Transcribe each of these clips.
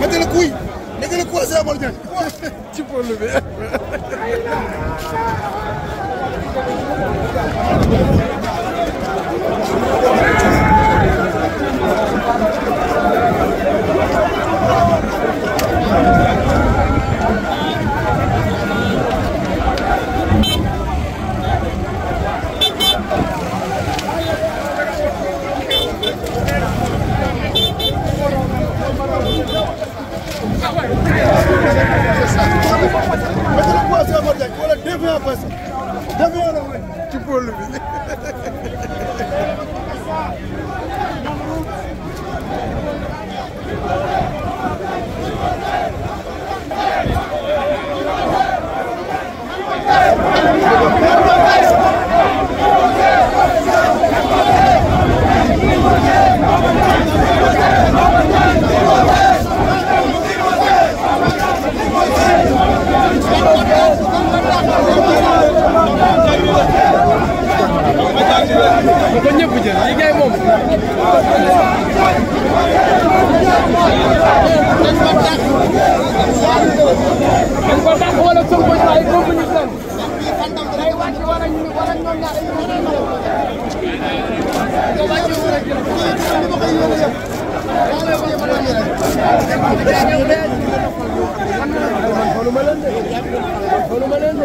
mete la kuy mete la kuy à Sèye Mor Diagne ci pôle bi. Thank you. ba ñëpp jël liggéey moom. dañ ko dàq wala Sonko ay communes lan. day wàcc wala ñu wala ñoom ñaar dañu mën a ñëw. wàcc wala jël. xooluma leen de xooluma leen de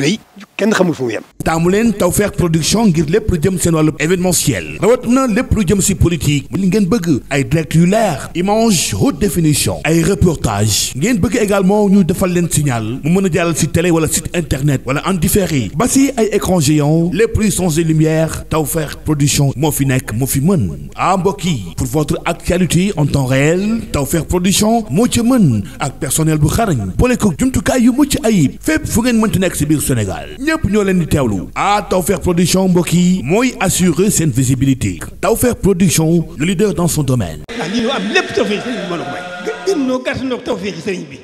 rëy kenn xamul fu mu yem taamu leen Tawfekh production ngir lépp lu jëm seen wàllu événementiel rawat na lépp lu jëm si politique mu li ngeen bëgg ay direct yu leer image haute définition ay reportage ngeen bëgg également ñu defal leen signal mu mën a jàllal si télé wala site internet wala en ba si ay écran géant lépp luy son lumière Tawfekh production moo fi nekk moo fi mën ah mbokk pour votre actualité en temps réel Tawfekh production moo ci mën ak personnel bu xarañ Sénégal ñépp ñoo leen di teewlu ah Tawfekh production mbokk yi mooy assurer seen visibilité Tawfekh production le leader dans son domaine. Ah, am lépp Tawfekh sëriñ bi.